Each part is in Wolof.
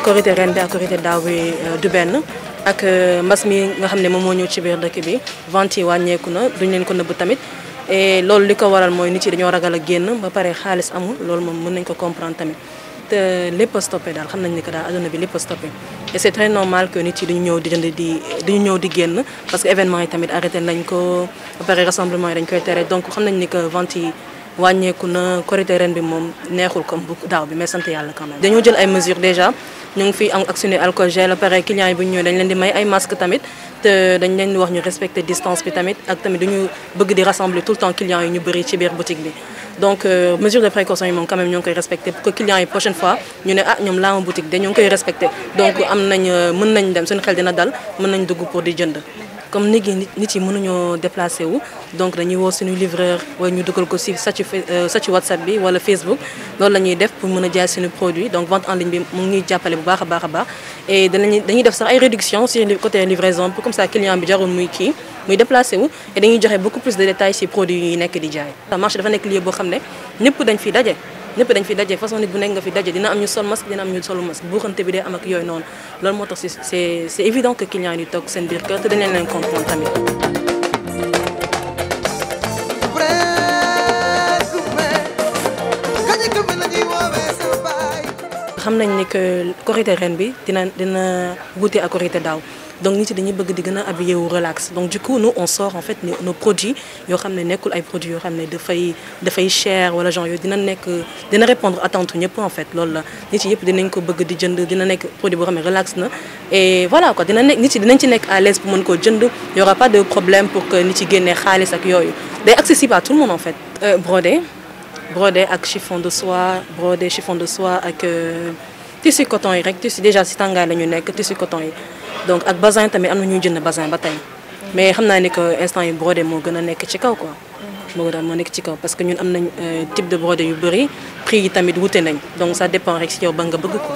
korite euh, ren bi ak korite daaw bi euh, du benn ak euh, mbas mi nga xam mom mo moo ci biir dëkk bi vente yi wàññeeku na duñ leen ko neub tamit et lool li ko waral moy nit yi dañoo ragal a génn ba paré xaalis amul lool mom mën nañ ko comprendre tamit te lépp a stoppé dal xam nañ ni ko daal aduna bi lépp a stoppé et c'est très normal que nit yi dañu ñëw di jënd di dañu ñëw di genn parce que événement yi tamit arrêté nañ ko ba pare rassemblement yi dañ koy téré donc xam nañ ni que vente wàññeeku na corridor ren bi mom neexul comme beaucoup daw bi mais sante yalla quand même. dañu jël ay mesures déjà ñu ngi fi am ak suñu alcool gel la client yi bu ñu dañ leen di may ay masque tamit te dañ leen di wax ñu respecter distance bi tamit ak tamit duñu bëgg di rassembler tout le temps client yi ñu bëri ci biir boutique bi. donc euh, mesures de précaution yi moom quand même ñoo ngi koy respecté pour que client yi prochaine fois ñu ne ah ñoom laa ma boutique de ñoo ngi koy respecté donc am nañ euh, mën nañ dem suñu xel dina dal mën nañ dugg pour di jënd comme léegi nit yi mënuñoo déplacé wu donc dañuy woo suñu livreur wala ñu dugal ko si ça sàcc whatsapp bi wala facebook loolu la ñuy def pour mën a jaay suñu produit donc vente en ligne bi mu ngi ñuy jàppale bu baax a baax et danañ dañuy def sax ay réduction sur côté livraison pour comme ça client bi jarul muy kii muy déplacer wu et dañuy joxe beaucoup plus de détails si produits yi nekk di ça marché dafa nekk clients beaucoup mieux ne ñëpp dañ fi daje ñëpp dañ fi dajé façon nit bu nekk nga fi dajé dina am ñu sol masque dina am ñu solu masque bu xanté bi day am ak yoy non loolu moo c'est c'est évident que clients yi toog seen biir kër te dañ leen leen comprendre tamit. xam nañ ni que korité ren bi dina dina wuute ak korité daw donc nit yi dañuy bëgg di gën a relax donc du coup nous on sort en fait nos produits yo xam ne ay produits yoo xam feuilles, dafay feuilles cher wala genre yo dina nek dina répondre attente ñëpp en fait loolu la nit yi yëpp dinañ ko bëgg di jënd dina nek produit boo xam relax na et voilà quoi dina nekk nit dinañ ci nek à l'aise pour mën ko jënd y aura pas de problème pour que nit yi génnee xaalis ak yoyu day accessible à tout le monde en fait euh, brodé brodé ak chiffon de soie brodé chiffon de soie ak euh, tissu coton et rek tissu déjà si tàngaay la ñu nek tissu coton yi donc ak basin tamit am ñu ñuy jënd basin ba tey mais xamna ni ne que instant yu brodé mo gëna nek ci kaw quoi mo gëna mo nek ci kaw parce que ñun am euh, type de brodé yu bëri prix yi tamit wuté nañ donc ça dépend rek si yow ba nga bëgg ko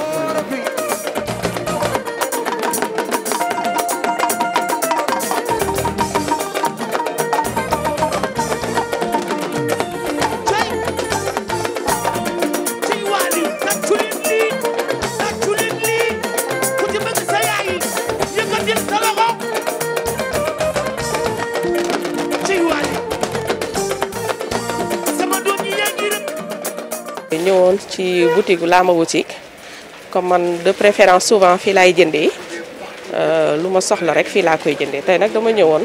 ñëwoon ci laa Lama boutique comme man de préférence souvent fii laay jëndee euh, lu ma soxla rek fii laa koy jëndee tey nag dama ñëwoon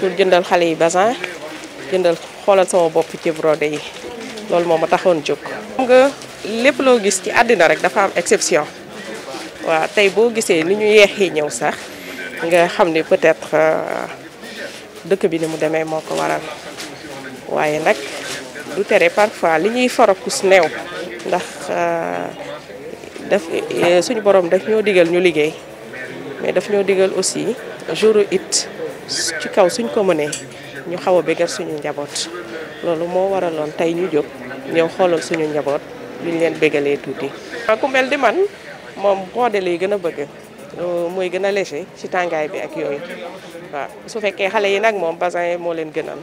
pour jëndal xale yi bazin jëndal xoolal sama bopp ci brodé yi loolu moom ma taxoon jóg. nga lépp loo gis ci àddina rek dafa am exception waaw tey boo gisee li ñu yeex yi ñëw sax nga xam ne peut-être euh, dëkk bi ni mu demee moo ko waral waaye nag. du tere parfois li ñuy farakus neew ndax euh, daf euh, suñu borom daf ñoo digal ñu liggéey mais daf ñoo digal aussi jour it ci kaw suñ ko mënee ñu xaw a bégal suñu njaboot loolu moo waraloon tey ñu jóg ñëw xoolal suñu njaboot luñ leen bégalee tuuti. ku mel di man moom boode lay gën a bëgg mooy gën a léger ci tàngaay bi ak yooyu waaw su fekkee xale yi nag moom basin moo leen gënal.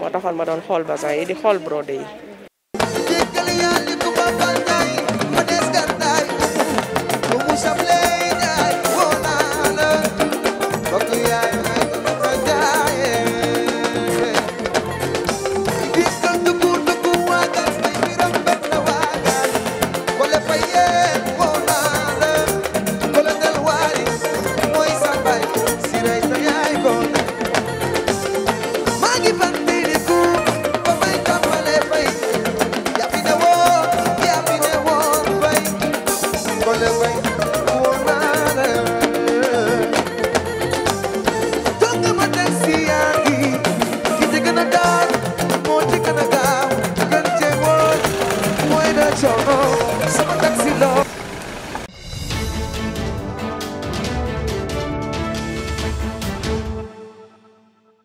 মই তখন মই তখন শল বজাওঁ এই শল দেই So.